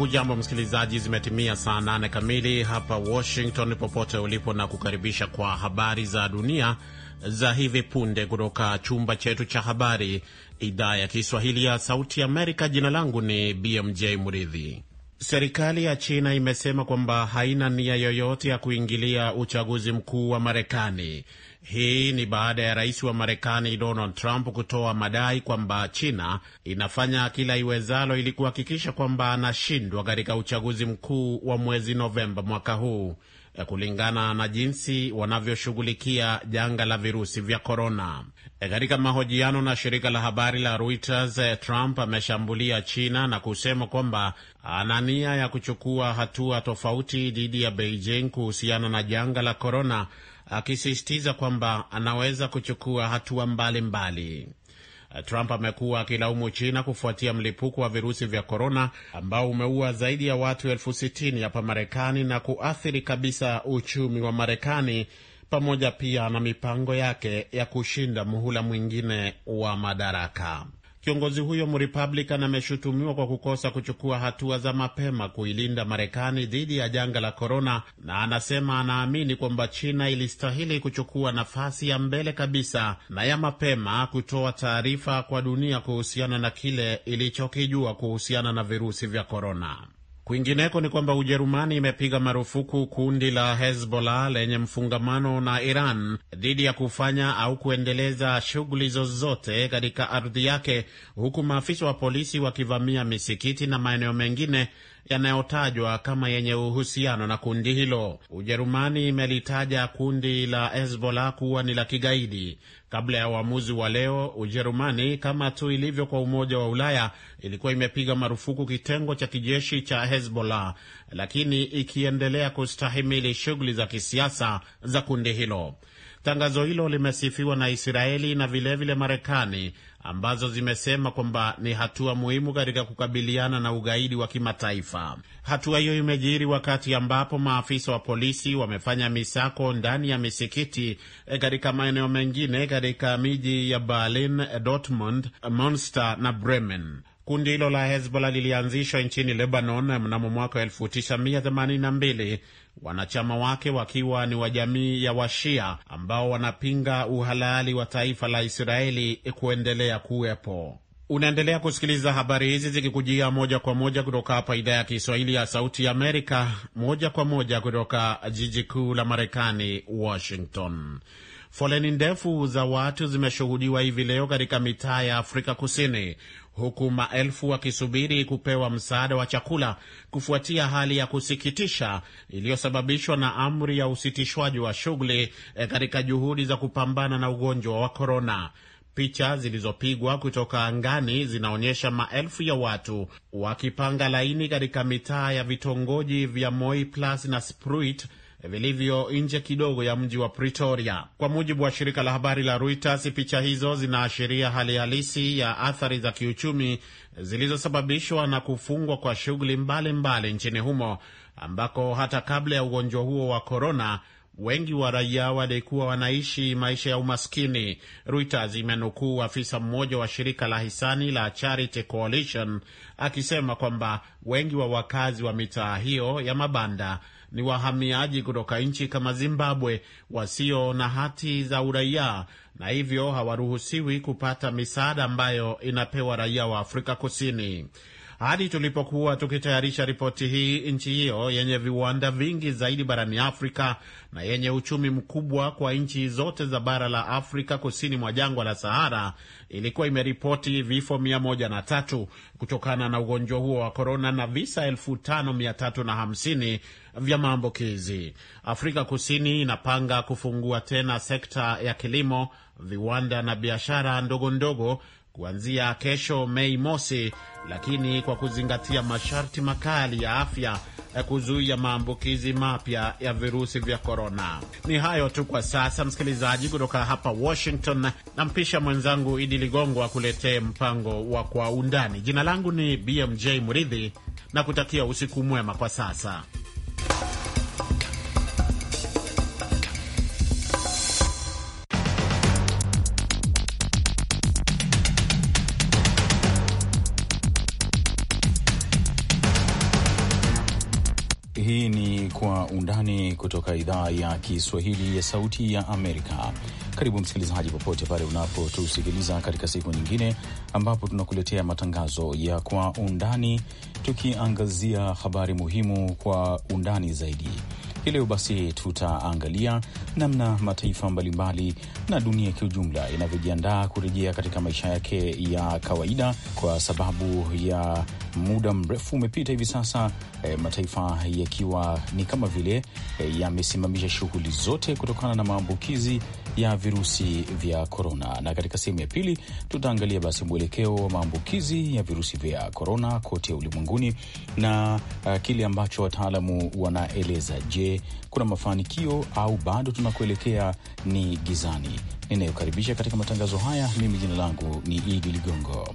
Hujambo msikilizaji, zimetimia saa nane kamili hapa Washington, popote ulipo, na kukaribisha kwa habari za dunia za hivi punde kutoka chumba chetu cha habari, idhaa ya Kiswahili ya Sauti Amerika. Jina langu ni BMJ Muridhi. Serikali ya China imesema kwamba haina nia yoyote ya kuingilia uchaguzi mkuu wa Marekani hii ni baada ya rais wa Marekani Donald Trump kutoa madai kwamba China inafanya kila iwezalo ili kuhakikisha kwamba anashindwa katika uchaguzi mkuu wa mwezi Novemba mwaka huu kulingana na jinsi wanavyoshughulikia janga la virusi vya korona. E, katika mahojiano na shirika la habari la Reuters, e, Trump ameshambulia China na kusema kwamba ana nia ya kuchukua hatua tofauti dhidi ya Beijing kuhusiana na janga la korona, akisisitiza kwamba anaweza kuchukua hatua mbalimbali. E, Trump amekuwa akilaumu China kufuatia mlipuko wa virusi vya korona ambao umeua zaidi ya watu elfu sitini hapa Marekani na kuathiri kabisa uchumi wa Marekani pamoja pia na mipango yake ya kushinda muhula mwingine wa madaraka. Kiongozi huyo mrepublican ameshutumiwa kwa kukosa kuchukua hatua za mapema kuilinda Marekani dhidi ya janga la korona, na anasema anaamini kwamba China ilistahili kuchukua nafasi ya mbele kabisa na ya mapema kutoa taarifa kwa dunia kuhusiana na kile ilichokijua kuhusiana na virusi vya korona. Kwingineko ni kwamba Ujerumani imepiga marufuku kundi la Hezbollah lenye mfungamano na Iran dhidi ya kufanya au kuendeleza shughuli zozote katika ardhi yake, huku maafisa wa polisi wakivamia misikiti na maeneo mengine yanayotajwa kama yenye uhusiano na kundi hilo. Ujerumani imelitaja kundi la Hezbollah kuwa ni la kigaidi. Kabla ya uamuzi wa leo, Ujerumani kama tu ilivyo kwa Umoja wa Ulaya ilikuwa imepiga marufuku kitengo cha kijeshi cha Hezbollah, lakini ikiendelea kustahimili shughuli za kisiasa za kundi hilo. Tangazo hilo limesifiwa na Israeli na vilevile Marekani ambazo zimesema kwamba ni hatua muhimu katika kukabiliana na ugaidi wa kimataifa. Hatua hiyo imejiri wakati ambapo maafisa wa polisi wamefanya misako ndani ya misikiti eh, katika maeneo mengine katika miji ya Berlin, Dortmund, Munster na Bremen. Kundi hilo la Hezbollah lilianzishwa nchini Lebanon mnamo mwaka 1982 wanachama wake wakiwa ni wa jamii ya Washia ambao wanapinga uhalali wa taifa la Israeli kuendelea kuwepo. Unaendelea kusikiliza habari hizi zikikujia moja kwa moja kutoka hapa idhaa ya Kiswahili ya Sauti Amerika, moja kwa moja kutoka jiji kuu la Marekani, Washington. Foleni ndefu za watu zimeshuhudiwa hivi leo katika mitaa ya Afrika Kusini, huku maelfu wakisubiri kupewa msaada wa chakula kufuatia hali ya kusikitisha iliyosababishwa na amri ya usitishwaji wa shughuli eh, katika juhudi za kupambana na ugonjwa wa korona. Picha zilizopigwa kutoka angani zinaonyesha maelfu ya watu wakipanga laini katika mitaa ya vitongoji vya Moi Plus na Spruit vilivyo nje kidogo ya mji wa Pretoria. Kwa mujibu wa shirika la habari la Reuters, picha hizo zinaashiria hali halisi ya athari za kiuchumi zilizosababishwa na kufungwa kwa shughuli mbalimbali nchini humo, ambako hata kabla ya ugonjwa huo wa korona wengi wa raia walikuwa wanaishi maisha ya umaskini. Reuters imenukuu afisa mmoja wa shirika la hisani la Charity Coalition akisema kwamba wengi wa wakazi wa mitaa hiyo ya mabanda ni wahamiaji kutoka nchi kama Zimbabwe wasio na hati za uraia na hivyo hawaruhusiwi kupata misaada ambayo inapewa raia wa Afrika Kusini. Hadi tulipokuwa tukitayarisha ripoti hii, nchi hiyo yenye viwanda vingi zaidi barani Afrika na yenye uchumi mkubwa kwa nchi zote za bara la Afrika kusini mwa jangwa la Sahara ilikuwa imeripoti vifo 103 kutokana na ugonjwa huo wa korona na visa 5350 vya maambukizi. Afrika Kusini inapanga kufungua tena sekta ya kilimo, viwanda na biashara ndogo ndogo kuanzia kesho Mei Mosi, lakini kwa kuzingatia masharti makali ya afya ya eh, kuzuia maambukizi mapya ya virusi vya korona. Ni hayo tu kwa sasa, msikilizaji. Kutoka hapa Washington nampisha mwenzangu Idi Ligongo akuletee mpango wa Kwa Undani. Jina langu ni BMJ Muridhi na kutakia usiku mwema kwa sasa. kutoka idhaa ya Kiswahili ya Sauti ya Amerika. Karibu msikilizaji, popote pale unapotusikiliza katika siku nyingine ambapo tunakuletea matangazo ya Kwa Undani, tukiangazia habari muhimu kwa undani zaidi. Hii leo basi tutaangalia namna mataifa mbalimbali na dunia kiujumla inavyojiandaa kurejea katika maisha yake ya kawaida kwa sababu ya muda mrefu umepita hivi sasa, e, mataifa yakiwa ni kama vile e, yamesimamisha shughuli zote kutokana na maambukizi ya virusi vya korona. Na katika sehemu ya pili tutaangalia basi mwelekeo wa maambukizi ya virusi vya korona kote ulimwenguni na a, eh, kile ambacho wataalamu wanaeleza. Je, kuna mafanikio au bado tunakuelekea ni gizani? Ninayokaribisha katika matangazo haya, mimi jina langu ni Idi Ligongo.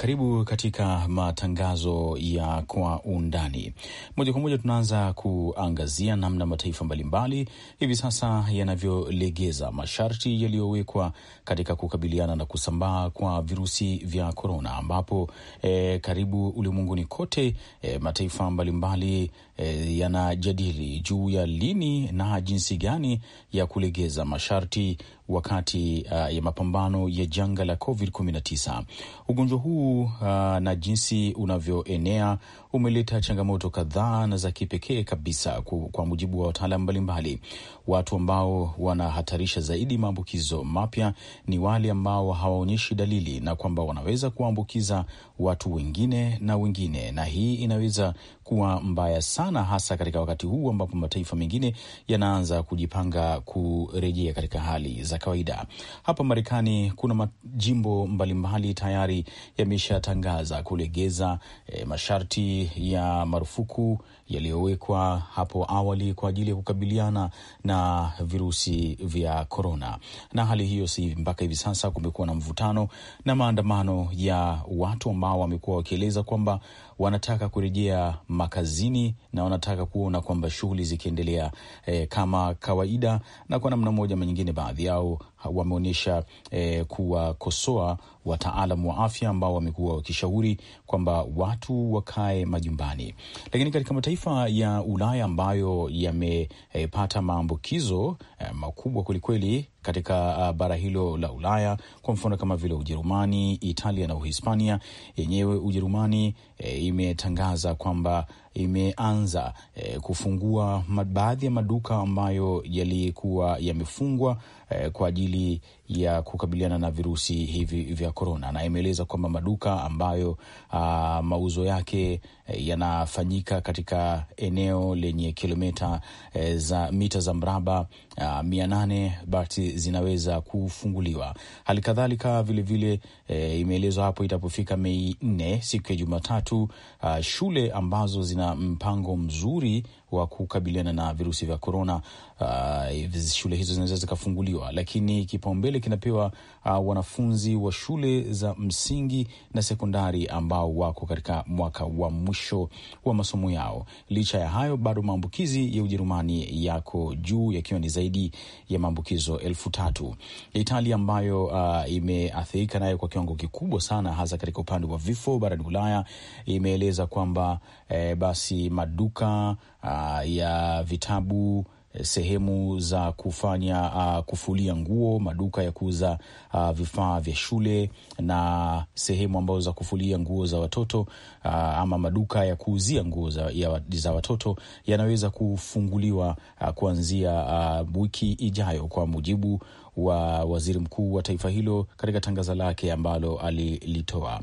Karibu katika matangazo ya kwa undani. Moja kwa moja tunaanza kuangazia namna mataifa mbalimbali hivi sasa yanavyolegeza masharti yaliyowekwa katika kukabiliana na kusambaa kwa virusi vya korona, ambapo e, karibu ulimwenguni kote e, mataifa mbalimbali e, yanajadili juu ya lini na jinsi gani ya kulegeza masharti wakati uh, ya mapambano ya janga la COVID-19. Ugonjwa huu huu uh, na jinsi unavyoenea umeleta changamoto kadhaa na za kipekee kabisa, kwa mujibu wa wataalam mbalimbali. Watu ambao wanahatarisha zaidi maambukizo mapya ni wale ambao hawaonyeshi dalili na kwamba wanaweza kuwaambukiza watu wengine na wengine, na hii inaweza kuwa mbaya sana, hasa katika wakati huu ambapo mataifa mengine yanaanza kujipanga kurejea katika hali za kawaida. Hapa Marekani kuna majimbo mbalimbali tayari yameshatangaza kulegeza e, masharti ya marufuku yaliyowekwa hapo awali kwa ajili ya kukabiliana na virusi vya korona, na hali hiyo si mpaka hivi sasa kumekuwa na mvutano na maandamano ya watu ambao ambao wamekuwa wakieleza kwamba wanataka kurejea makazini na wanataka kuona kwamba shughuli zikiendelea eh, kama kawaida, na kwa namna moja ama nyingine, baadhi yao wameonyesha e, kuwakosoa wataalamu wa afya ambao wamekuwa wakishauri kwamba watu wakae majumbani. Lakini katika mataifa ya Ulaya ambayo yamepata maambukizo e, makubwa kwelikweli katika ah, bara hilo la Ulaya, kwa mfano kama vile Ujerumani, Italia na Uhispania. Yenyewe Ujerumani e, imetangaza kwamba imeanza e, kufungua baadhi ya maduka ambayo yalikuwa yamefungwa Eh, kwa ajili ya kukabiliana na virusi hivi vya korona, na imeeleza kwamba maduka ambayo uh, mauzo yake eh, yanafanyika katika eneo lenye kilomita uh, za mita za mraba uh, mia nane basi zinaweza kufunguliwa. Hali kadhalika vilevile uh, eh, imeelezwa hapo itapofika Mei nne siku ya Jumatatu, uh, shule ambazo zina mpango mzuri wa kukabiliana na virusi vya korona, uh, shule hizo zinaweza zikafunguliwa, lakini kipaumbele kile kinapewa uh, wanafunzi wa shule za msingi na sekondari ambao wako katika mwaka wa mwisho wa masomo yao. Licha ya hayo, bado maambukizi ya Ujerumani yako juu yakiwa ni zaidi ya maambukizo elfu tatu. Italia ambayo uh, imeathirika nayo kwa kiwango kikubwa sana, hasa katika upande wa vifo barani Ulaya, imeeleza kwamba eh, basi maduka uh, ya vitabu Eh, sehemu za kufanya uh, kufulia nguo, maduka ya kuuza uh, vifaa vya shule na sehemu ambazo za kufulia nguo za watoto uh, ama maduka ya kuuzia nguo za, ya, za watoto yanaweza kufunguliwa uh, kuanzia uh, wiki ijayo kwa mujibu wa waziri mkuu wa taifa hilo katika tangazo lake ambalo alilitoa.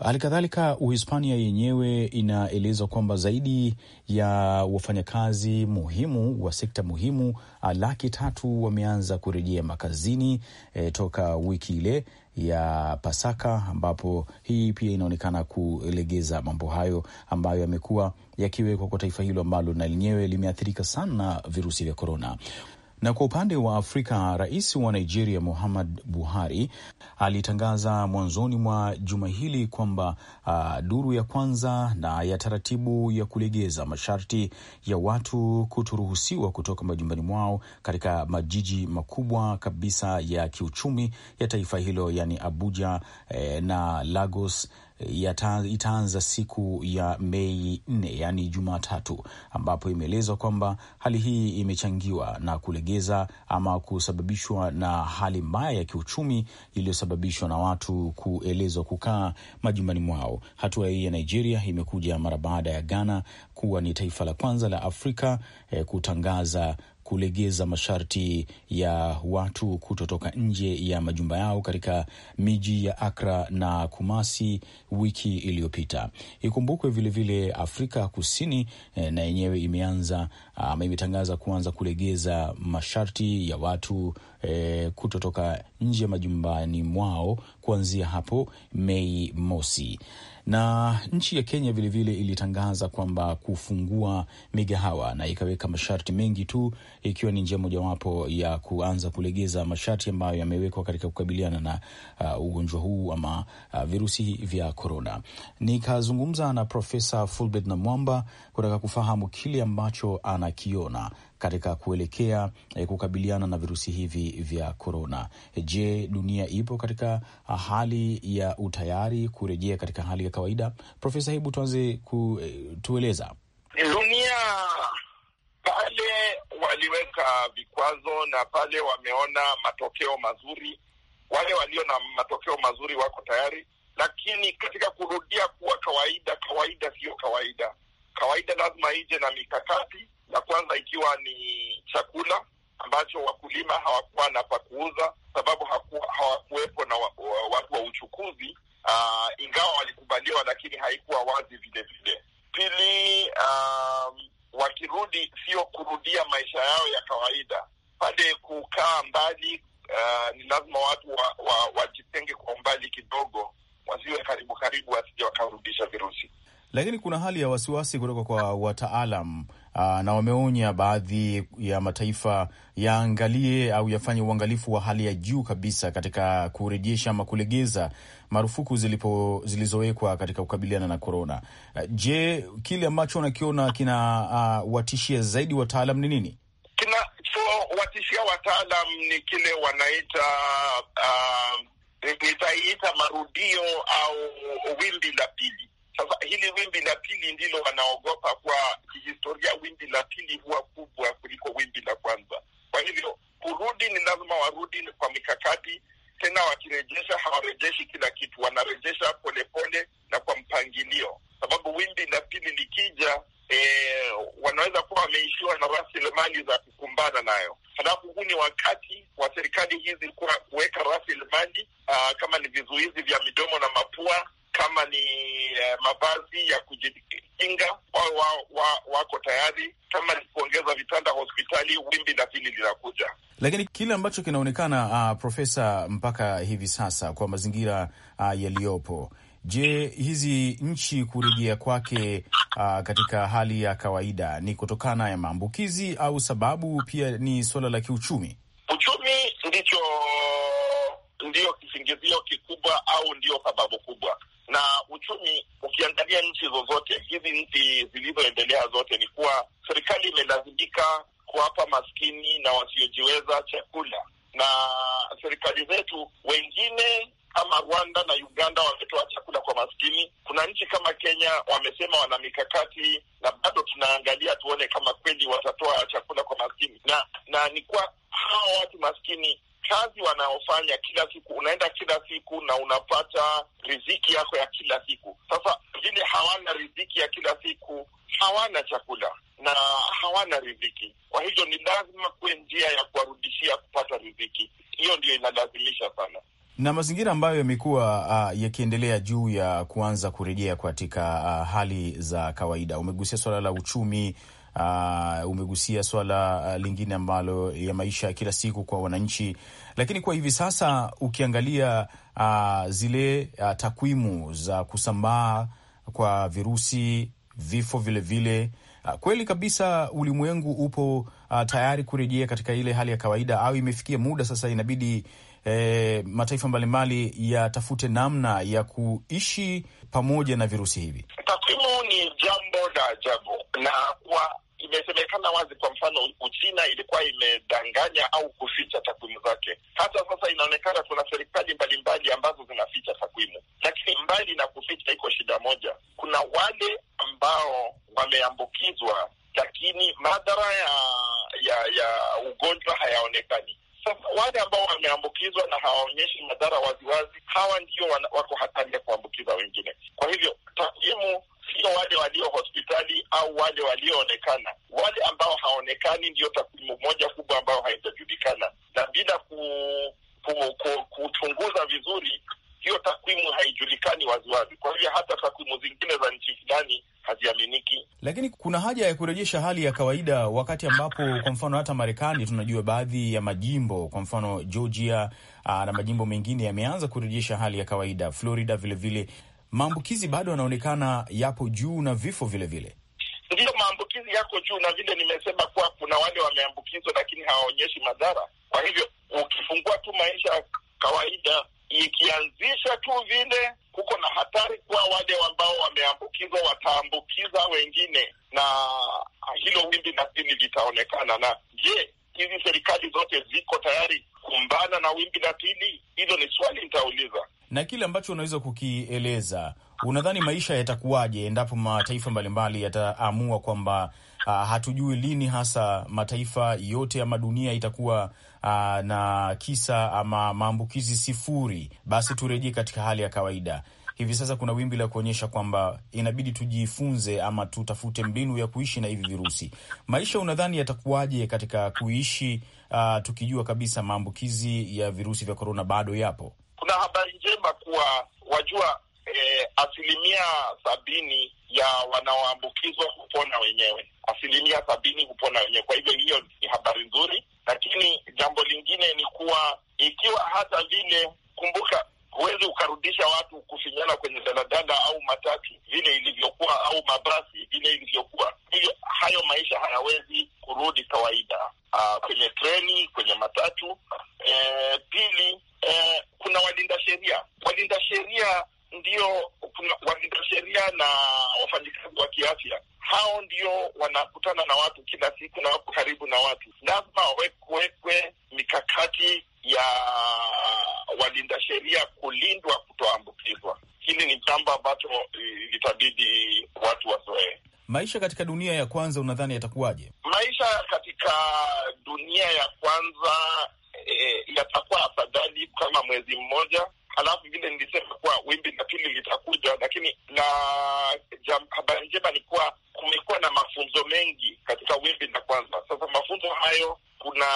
Halikadhalika, Uhispania yenyewe inaelezwa kwamba zaidi ya wafanyakazi muhimu wa sekta muhimu laki tatu wameanza kurejea makazini e, toka wiki ile ya Pasaka ambapo hii pia inaonekana kulegeza mambo hayo ambayo yamekuwa yakiwekwa kwa taifa hilo ambalo na lenyewe limeathirika sana na virusi vya korona. Na kwa upande wa Afrika, rais wa Nigeria Muhammad Buhari alitangaza mwanzoni mwa juma hili kwamba uh, duru ya kwanza na ya taratibu ya kulegeza masharti ya watu kutoruhusiwa kutoka majumbani mwao katika majiji makubwa kabisa ya kiuchumi ya taifa hilo, yani Abuja eh, na Lagos itaanza siku ya Mei nne, yaani Jumatatu, ambapo imeelezwa kwamba hali hii imechangiwa na kulegeza ama kusababishwa na hali mbaya ya kiuchumi iliyosababishwa na watu kuelezwa kukaa majumbani mwao. Hatua hii ya Nigeria imekuja mara baada ya Ghana kuwa ni taifa la kwanza la Afrika eh, kutangaza kulegeza masharti ya watu kutotoka nje ya majumba yao katika miji ya Akra na Kumasi wiki iliyopita. Ikumbukwe vilevile Afrika Kusini eh, na yenyewe imeanza ama imetangaza kuanza kulegeza masharti ya watu eh, kutotoka nje ya majumbani mwao kuanzia hapo Mei mosi. Na nchi ya Kenya vilevile vile ilitangaza kwamba kufungua migahawa na ikaweka masharti mengi tu, ikiwa ni njia mojawapo ya kuanza kulegeza masharti ambayo yamewekwa katika kukabiliana na uh, ugonjwa huu ama uh, virusi vya korona. Nikazungumza na Profesa Fulbert Namwamba kutaka kufahamu kile ambacho anakiona katika kuelekea eh, kukabiliana na virusi hivi vya korona. Je, dunia ipo katika ah, hali ya utayari kurejea katika hali ya kawaida? Profesa, hebu tuanze kutueleza eh, dunia pale waliweka vikwazo na pale wameona matokeo mazuri. Wale walio na matokeo mazuri wako tayari, lakini katika kurudia kuwa kawaida, kawaida siyo kawaida. Kawaida lazima ije na mikakati la kwanza ikiwa ni chakula ambacho wakulima hawakuwa na pa kuuza, sababu hawakuwepo na watu wa uchukuzi uh, ingawa walikubaliwa, lakini haikuwa wazi vile vile. Pili, um, wakirudi sio kurudia maisha yao ya kawaida pale kukaa mbali. Uh, ni lazima watu wajitenge wa, wa kwa umbali kidogo, wasiwe karibu karibu, wasija wakarudisha virusi. Lakini kuna hali ya wasiwasi kutoka kwa wataalam Ah, na wameonya baadhi ya mataifa yaangalie au yafanye uangalifu wa hali ya juu kabisa katika kurejesha ama kulegeza marufuku zilipo zilizowekwa katika kukabiliana na korona. Ah, je, kile ambacho unakiona kina uh, zaidi wataalam ni nini? Kinachowatishia wataalam ni kile wanaita uh, nitaiita marudio au wimbi la pili sasa hili wimbi la pili ndilo wanaogopa, kwa kihistoria wimbi la pili huwa kubwa kuliko wimbi la kwanza. Kwa hivyo kurudi ni lazima warudi kwa mikakati tena. Wakirejesha hawarejeshi kila kitu, wanarejesha polepole pole na kwa mpangilio, sababu wimbi la pili likija, E, wanaweza kuwa wameishiwa na rasilimali za kukumbana nayo. Halafu huu ni wakati wa serikali hizi kuweka rasilimali ah, kama ni vizuizi vya midomo na mapua kama ni eh, mavazi ya kujikinga wao wa, wa, wako tayari. Kama ni kuongeza vitanda hospitali, wimbi la pili linakuja. Lakini kile ambacho kinaonekana uh, Profesa, mpaka hivi sasa kwa mazingira uh, yaliyopo, je, hizi nchi kurejea kwake uh, katika hali ya kawaida ni kutokana ya maambukizi au sababu pia ni suala la kiuchumi? Uchumi ndicho ndiyo kisingizio kikubwa au ndiyo sababu kubwa na uchumi. Ukiangalia nchi zozote hizi, nchi zilizoendelea zote, ni kuwa serikali imelazimika kuwapa maskini na wasiojiweza chakula, na serikali zetu wengine kama Rwanda na Uganda wametoa chakula kwa maskini. Kuna nchi kama Kenya wamesema wana mikakati, na bado tunaangalia tuone kama kweli watatoa chakula kwa maskini, na na ni kuwa hawa watu maskini kazi wanaofanya kila siku, unaenda kila siku na unapata riziki yako ya kila siku. Sasa vile hawana riziki ya kila siku, hawana chakula na hawana riziki, kwa hivyo ni lazima kuwe njia ya kuwarudishia kupata riziki. Hiyo ndio inalazimisha sana na mazingira ambayo yamekuwa uh, yakiendelea juu ya kuanza kurejea katika uh, hali za kawaida. Umegusia suala la uchumi Uh, umegusia swala ah, lingine ambalo ya maisha ya kila siku kwa wananchi, lakini kwa hivi sasa ukiangalia uh, zile uh, takwimu za kusambaa kwa virusi, vifo vilevile vile, uh, kweli kabisa ulimwengu upo uh, tayari kurejea katika ile hali ya kawaida au imefikia muda sasa inabidi E, mataifa mbalimbali yatafute namna ya kuishi pamoja na virusi hivi. Takwimu ni jambo la ajabu, na kwa imesemekana wazi. Kwa mfano, Uchina ilikuwa imedanganya au kuficha takwimu zake. Hata sasa inaonekana kuna serikali mbalimbali ambazo zinaficha takwimu, lakini mbali na kuficha, iko shida moja. Kuna wale ambao wameambukizwa, lakini madhara ya ya, ya ugonjwa hayaonekani. Sasa wale ambao wameambukizwa na hawaonyeshi madhara waziwazi, hawa ndio wako hatari ya kuambukiza wengine. Kwa hivyo takwimu sio wale walio hospitali au wale walioonekana. Wale ambao haonekani ndio takwimu moja kubwa ambayo haijajulikana, na bila ku, ku, ku, kuchunguza vizuri hiyo takwimu haijulikani waziwazi. Kwa hivyo hata takwimu zingine za nchi fulani haziaminiki, lakini kuna haja ya kurejesha hali ya kawaida, wakati ambapo kwa mfano hata Marekani tunajua baadhi ya majimbo, kwa mfano Georgia aa, ah, na majimbo mengine yameanza kurejesha hali ya kawaida, Florida vilevile. Maambukizi bado yanaonekana yapo juu na vifo vilevile. Ndiyo, maambukizi yako juu, na vile nimesema kuwa kuna wale wameambukizwa, lakini hawaonyeshi madhara. Kwa hivyo ukifungua tu maisha kawaida ikianzisha tu vile, kuko na hatari kuwa wale ambao wameambukizwa wataambukiza wengine, na hilo wimbi na sini litaonekana. Na je, hizi serikali zote ziko tayari kumbana na wimbi la pili? Hilo ni swali nitauliza. Na kile ambacho unaweza kukieleza, unadhani maisha yatakuwaje endapo mataifa mbalimbali yataamua kwamba, uh, hatujui lini hasa mataifa yote ama dunia itakuwa uh, na kisa ama maambukizi sifuri, basi turejee katika hali ya kawaida. Hivi sasa kuna wimbi la kuonyesha kwamba inabidi tujifunze ama tutafute mbinu ya kuishi na hivi virusi. Maisha unadhani yatakuwaje katika kuishi uh, tukijua kabisa maambukizi ya virusi vya korona bado yapo? Kuna habari njema kuwa wajua, eh, asilimia sabini ya wanaoambukizwa hupona wenyewe, asilimia sabini hupona wenyewe. Kwa hivyo hiyo ni habari nzuri, lakini jambo lingine ni kuwa ikiwa hata vile, kumbuka huwezi ukarudisha watu kufinyana kwenye daladala au matatu vile ilivyokuwa, au mabasi vile ilivyokuwa. Hivyo hayo maisha hayawezi kurudi kawaida, Uh, kwenye treni, kwenye matatu. E, pili, e, kuna walinda sheria, walinda sheria ndio walinda sheria na wafanyikazi wa kiafya, hao ndio wanakutana na watu kila siku na wako karibu na watu. Lazima wawekwe mikakati ya walinda sheria kulindwa kutoambukizwa. Hili ni jambo ambacho eh, litabidi watu wazoee. Maisha katika dunia ya kwanza, unadhani yatakuwaje? Maisha katika dunia ya kwanza e, yatakuwa afadhali kama mwezi mmoja alafu vile nilisema kuwa wimbi la pili litakuja, lakini la habari njema ni kuwa kumekuwa na mafunzo mengi katika wimbi la kwanza. Sasa mafunzo hayo, kuna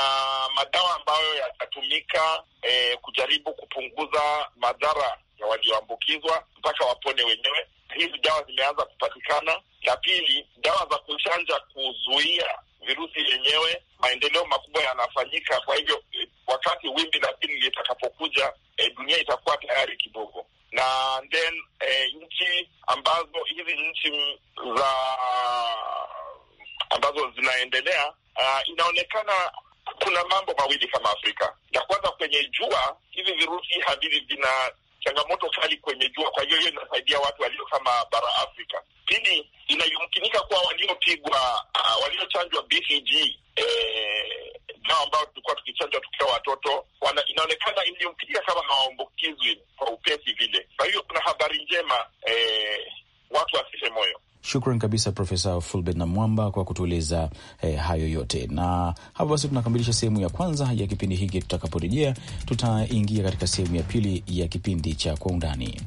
madawa ambayo yatatumika eh, kujaribu kupunguza madhara ya walioambukizwa mpaka wapone wenyewe. Hizi dawa zimeanza kupatikana. La pili, dawa za kuchanja kuzuia virusi yenyewe, maendeleo makubwa yanafanyika. Kwa hivyo eh, wakati wimbi la pili litakapokuja, eh, dunia itakuwa tayari kidogo na then eh, nchi ambazo hizi nchi za ambazo zinaendelea uh, inaonekana kuna mambo mawili kama Afrika. Ya kwanza kwenye jua, hivi virusi havivi vina changamoto kali kwenye jua, kwa hiyo hiyo inasaidia watu walio kama bara Afrika. chanjo ya BCG eh, nao ambao tulikuwa tukichanjwa tukiwa watoto wana, inaonekana ilimpiga kama hawaambukizwi kwa upesi vile. Kwa hiyo kuna habari njema eh, watu wasife moyo. Shukran kabisa Profesa Fulbert na Mwamba kwa kutueleza eh, hayo yote. Na hapo basi tunakamilisha sehemu ya kwanza ya kipindi hiki. Tutakaporejea tutaingia katika sehemu ya pili ya kipindi cha Kwa Undani.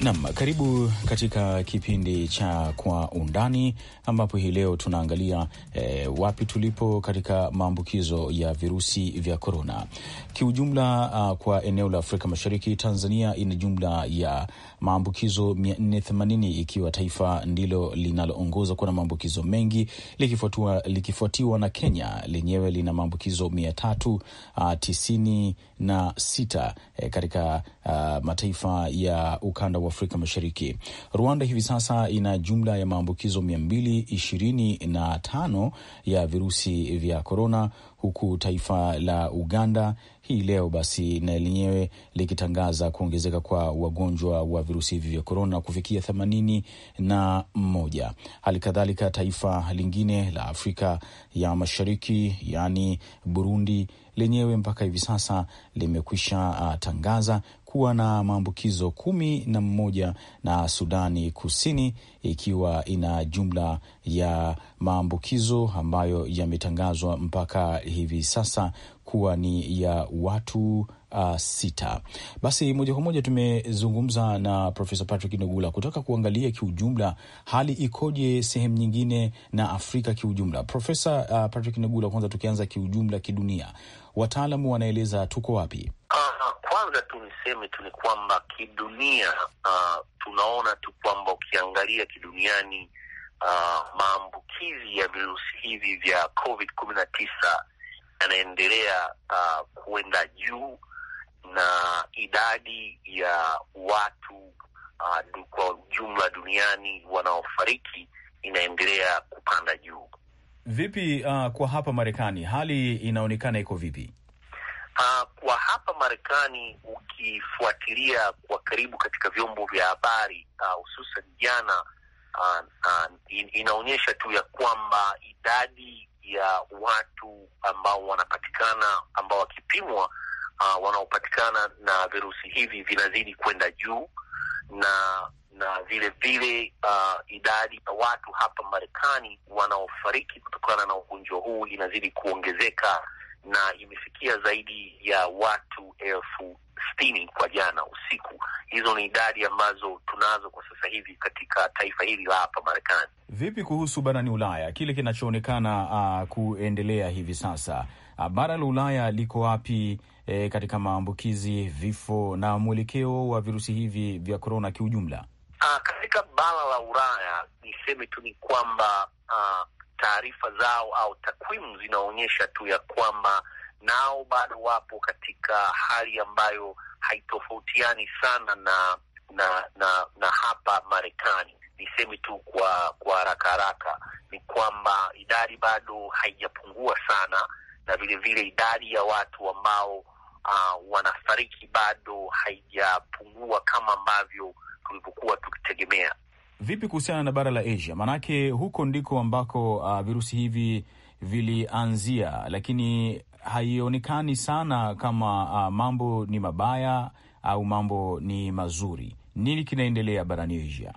Nam, karibu katika kipindi cha Kwa Undani, ambapo hii leo tunaangalia e, wapi tulipo katika maambukizo ya virusi vya korona kiujumla. A, ah, kwa eneo la Afrika Mashariki, Tanzania ina jumla ya maambukizo 480 ikiwa taifa ndilo linaloongoza kuwa na maambukizo mengi likifuatiwa, likifuatiwa na Kenya, lenyewe lina maambukizo 396 ah, e, eh, katika uh, mataifa ya ukanda wa Afrika Mashariki. Rwanda hivi sasa ina jumla ya maambukizo mia mbili ishirini na tano ya virusi vya korona, huku taifa la Uganda hii leo basi na lenyewe likitangaza kuongezeka kwa wagonjwa wa virusi hivi vya korona kufikia themanini na moja. Hali kadhalika taifa lingine la Afrika ya Mashariki yaani Burundi lenyewe mpaka hivi sasa limekwisha uh, tangaza kuwa na maambukizo kumi na mmoja na Sudani Kusini ikiwa ina jumla ya maambukizo ambayo yametangazwa mpaka hivi sasa kuwa ni ya watu uh, sita. Basi moja kwa moja tumezungumza na Profesa Patrick Nugula kutaka kuangalia kiujumla hali ikoje sehemu nyingine na Afrika kiujumla. Profesa uh, Patrick Nugula, kwanza tukianza kiujumla kidunia, wataalamu wanaeleza tuko wapi? Uh, kwanza tu niseme tu ni kwamba kidunia, uh, tunaona tu kwamba ukiangalia kiduniani Uh, maambukizi ya virusi hivi vya COVID kumi na tisa yanaendelea uh, kuenda juu na idadi ya watu uh, kwa ujumla duniani wanaofariki inaendelea kupanda juu. Vipi uh, kwa hapa Marekani hali inaonekana iko vipi? Uh, kwa hapa Marekani ukifuatilia kwa karibu katika vyombo vya habari hususan uh, jana uh, uh, inaonyesha tu ya kwamba idadi ya watu ambao wanapatikana ambao wakipimwa uh, wanaopatikana na virusi hivi vinazidi kwenda juu na na vile vile uh, idadi ya watu hapa Marekani wanaofariki kutokana na ugonjwa huu inazidi kuongezeka na imefikia zaidi ya watu elfu sitini kwa jana usiku. Hizo ni idadi ambazo tunazo kwa sasa hivi katika taifa hili la hapa Marekani. Vipi kuhusu barani Ulaya, kile kinachoonekana uh, kuendelea hivi sasa uh, bara la Ulaya liko wapi? e, katika maambukizi, vifo na mwelekeo wa virusi hivi vya korona kiujumla? Aa, ah, katika bara la Ulaya niseme tu ni kwamba ah, taarifa zao au takwimu zinaonyesha tu ya kwamba nao bado wapo katika hali ambayo haitofautiani sana na na na, na hapa Marekani. Niseme tu kwa kwa haraka haraka ni kwamba idadi bado haijapungua sana, na vilevile idadi ya watu ambao uh, wanafariki bado haijapungua kama ambavyo tulivyokuwa tukitegemea. Vipi kuhusiana na bara la Asia? Maanake huko ndiko ambako uh, virusi hivi vilianzia, lakini haionekani sana kama uh, mambo ni mabaya au mambo ni mazuri. Nini kinaendelea barani Asia?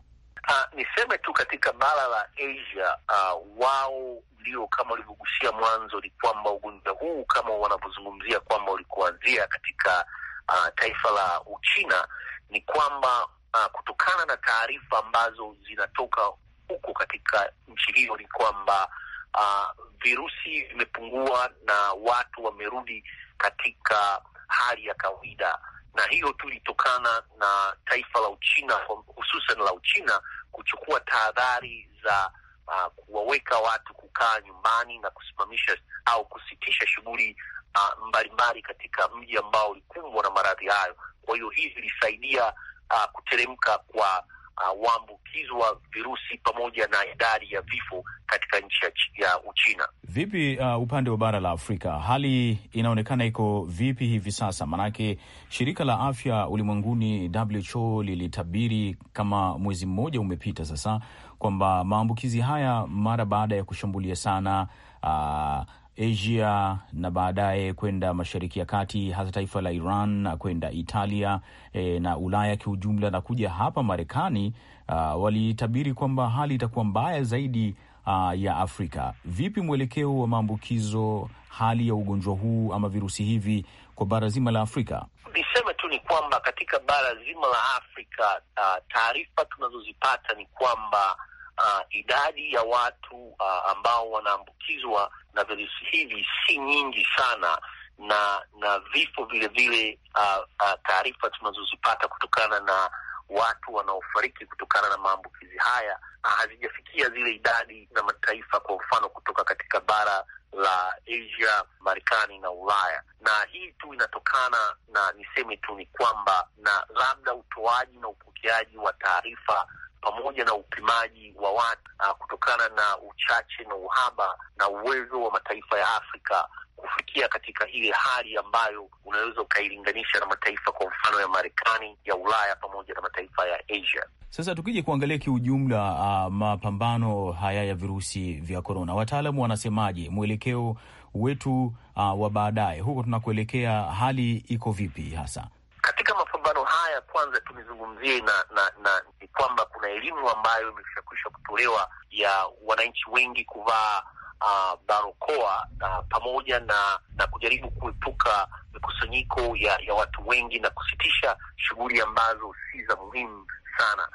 Uh, niseme tu katika bara la Asia uh, wao ndio kama ulivyogusia mwanzo, ni kwamba ugonjwa huu kama wanavyozungumzia kwamba ulikuanzia katika uh, taifa la Uchina, ni kwamba uh, kutokana na taarifa ambazo zinatoka huko katika nchi hiyo ni kwamba uh, virusi vimepungua na watu wamerudi katika hali ya kawaida, na hiyo tu ilitokana na taifa la Uchina, hususan la Uchina kuchukua tahadhari za uh, kuwaweka watu kukaa nyumbani na kusimamisha au kusitisha shughuli uh, mbalimbali katika mji ambao ulikumbwa na maradhi hayo. Kwa hiyo hii ilisaidia uh, kuteremka kwa uh, uambukizi wa virusi pamoja na idadi ya vifo katika nchi ya Uchina. Vipi uh, upande wa bara la Afrika hali inaonekana iko vipi hivi sasa? Maanake shirika la afya ulimwenguni WHO lilitabiri kama mwezi mmoja umepita sasa kwamba maambukizi haya mara baada ya kushambulia sana uh, Asia na baadaye kwenda Mashariki ya Kati, hasa taifa la Iran na kwenda Italia e, na Ulaya kiujumla na kuja hapa Marekani, uh, walitabiri kwamba hali itakuwa mbaya zaidi uh, ya Afrika. Vipi mwelekeo wa maambukizo, hali ya ugonjwa huu ama virusi hivi kwa bara zima la Afrika? Niseme tu ni kwamba katika bara zima la Afrika, uh, taarifa tunazozipata ni kwamba uh, idadi ya watu uh, ambao wanaambukizwa na virusi hivi si nyingi sana na na vifo vilevile uh, ah, uh, taarifa tunazozipata kutokana na watu wanaofariki kutokana na maambukizi haya hazijafikia zile idadi za mataifa, kwa mfano kutoka katika bara la Asia, Marekani na Ulaya. Na hii tu inatokana na, niseme tu ni kwamba, na labda utoaji na upokeaji wa taarifa pamoja na upimaji wa watu uh, kutokana na uchache na uhaba na uwezo wa mataifa ya Afrika kufikia katika ile hali ambayo unaweza ukailinganisha na mataifa kwa mfano ya Marekani, ya Ulaya pamoja na mataifa ya Asia. Sasa tukija kuangalia kiujumla, uh, mapambano haya ya virusi vya korona, wataalamu wanasemaje mwelekeo wetu uh, wa baadaye huko tunakuelekea, hali iko vipi hasa katika mashindano haya kwanza tumezungumzia na, na, na ni kwamba kuna elimu ambayo imeshakwisha kutolewa ya wananchi wengi kuvaa uh, ah, barokoa uh, ah, pamoja na na kujaribu kuepuka mikusanyiko ya, ya watu wengi na kusitisha shughuli ambazo si za muhimu sana.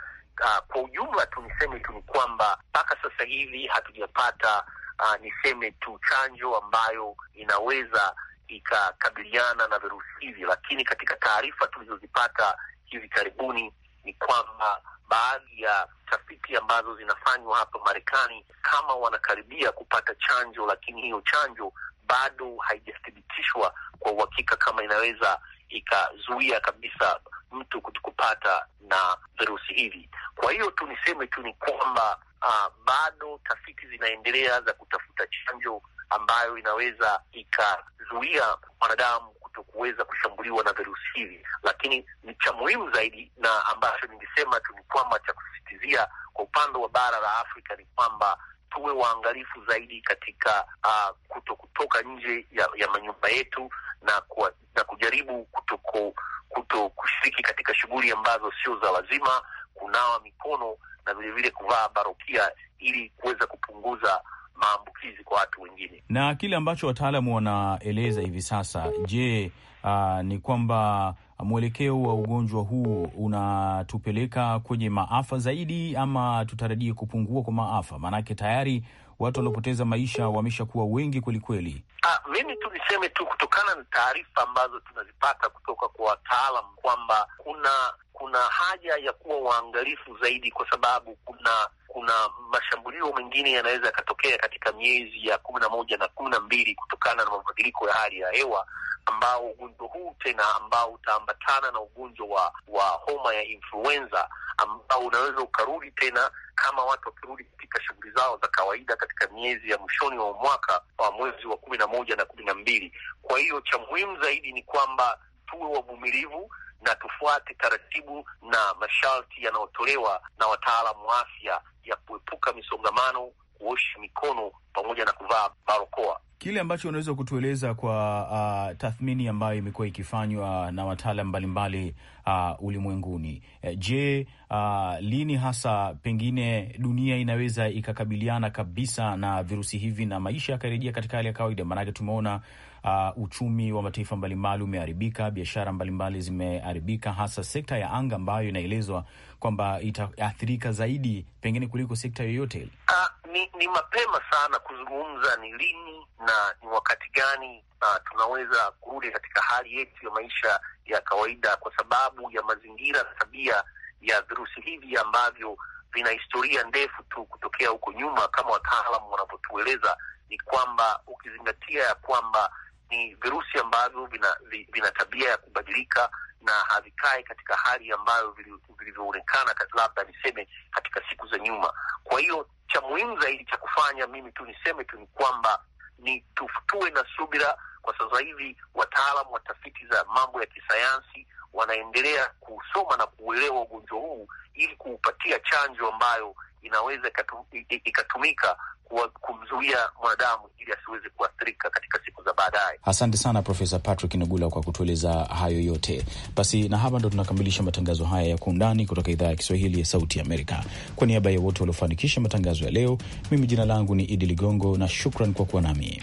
Uh, kwa ujumla tu niseme tu ni kwamba mpaka sasa hivi hatujapata uh, niseme tu chanjo ambayo inaweza ikakabiliana na virusi hivi, lakini katika taarifa tulizozipata hivi karibuni ni kwamba baadhi ya tafiti ambazo zinafanywa hapa Marekani, kama wanakaribia kupata chanjo, lakini hiyo chanjo bado haijathibitishwa kwa uhakika kama inaweza ikazuia kabisa mtu kupata na virusi hivi. Kwa hiyo tu niseme tu ni kwamba uh, bado tafiti zinaendelea za kutafuta chanjo ambayo inaweza ikazuia mwanadamu kutokuweza kushambuliwa na virusi hivi. Lakini ni cha muhimu zaidi na ambacho ningesema tu ni kwamba cha kusisitizia kwa upande wa bara la Afrika ni kwamba tuwe waangalifu zaidi katika uh, kuto kutoka nje ya, ya manyumba yetu na, kwa, na kujaribu kutoko, kuto kushiriki katika shughuli ambazo sio za lazima, kunawa mikono na vilevile kuvaa barokia ili kuweza kupunguza maambukizi kwa watu wengine. Na kile ambacho wataalamu wanaeleza hivi sasa, je, uh, ni kwamba mwelekeo wa ugonjwa huu unatupeleka kwenye maafa zaidi ama tutarajie kupungua kwa maafa? Maanake tayari watu waliopoteza maisha wameshakuwa wengi kwelikweli. Ah, mimi tu niseme tu kutokana na taarifa ambazo tunazipata kutoka kwa wataalam kwamba kuna kuna haja ya kuwa waangalifu zaidi, kwa sababu kuna kuna mashambulio mengine yanaweza yakatokea katika miezi ya kumi na moja na kumi na mbili kutokana na mabadiliko ya hali ya hewa ambao ugonjwa huu tena ambao utaambatana na ugonjwa wa, wa homa ya influenza ambao unaweza ukarudi tena kama watu wakirudi katika shughuli zao za kawaida katika miezi ya mwishoni wa mwaka wa mwezi wa kumi na moja na kumi na mbili. Kwa hiyo cha muhimu zaidi ni kwamba tuwe wavumilivu na tufuate taratibu na masharti yanayotolewa na wataalamu wa afya ya kuepuka misongamano, kuosha mikono pamoja na kuvaa barakoa kile ambacho unaweza kutueleza kwa uh, tathmini ambayo imekuwa ikifanywa na wataalam mbalimbali uh, ulimwenguni. Eh, je, uh, lini hasa pengine dunia inaweza ikakabiliana kabisa na virusi hivi na maisha yakarejea katika hali ya kawaida? Maanake tumeona uh, uchumi wa mataifa mbalimbali umeharibika, biashara mbalimbali zimeharibika, hasa sekta ya anga ambayo inaelezwa kwamba itaathirika zaidi pengine kuliko sekta yoyote Uh, ni, ni mapema sana kuzungumza ni lini na ni wakati gani uh, tunaweza kurudi katika hali yetu ya maisha ya kawaida, kwa sababu ya mazingira na tabia ya virusi hivi ambavyo vina historia ndefu tu kutokea huko nyuma. Kama wataalamu wanavyotueleza, ni kwamba ukizingatia ya kwamba ni virusi ambavyo vina, vina tabia ya kubadilika na havikae katika hali ambayo vilivyoonekana labda niseme katika siku za nyuma. Kwa hiyo cha muhimu zaidi cha kufanya, mimi tu niseme tu ni kwamba ni tuwe na subira. Kwa sasa hivi wataalamu wa tafiti za mambo ya kisayansi wanaendelea kusoma na kuuelewa ugonjwa huu ili kuupatia chanjo ambayo inaweza ikatumika kumzuia mwanadamu ili asiweze kuathirika katika siku za baadaye. Asante sana Profesa Patrick Nugula kwa kutueleza hayo yote. Basi na hapa ndo tunakamilisha matangazo haya ya Kwa Undani kutoka idhaa ya Kiswahili ya Sauti Amerika. Kwa niaba ya wote waliofanikisha matangazo ya leo, mimi jina langu ni Idi Ligongo na shukran kwa kuwa nami.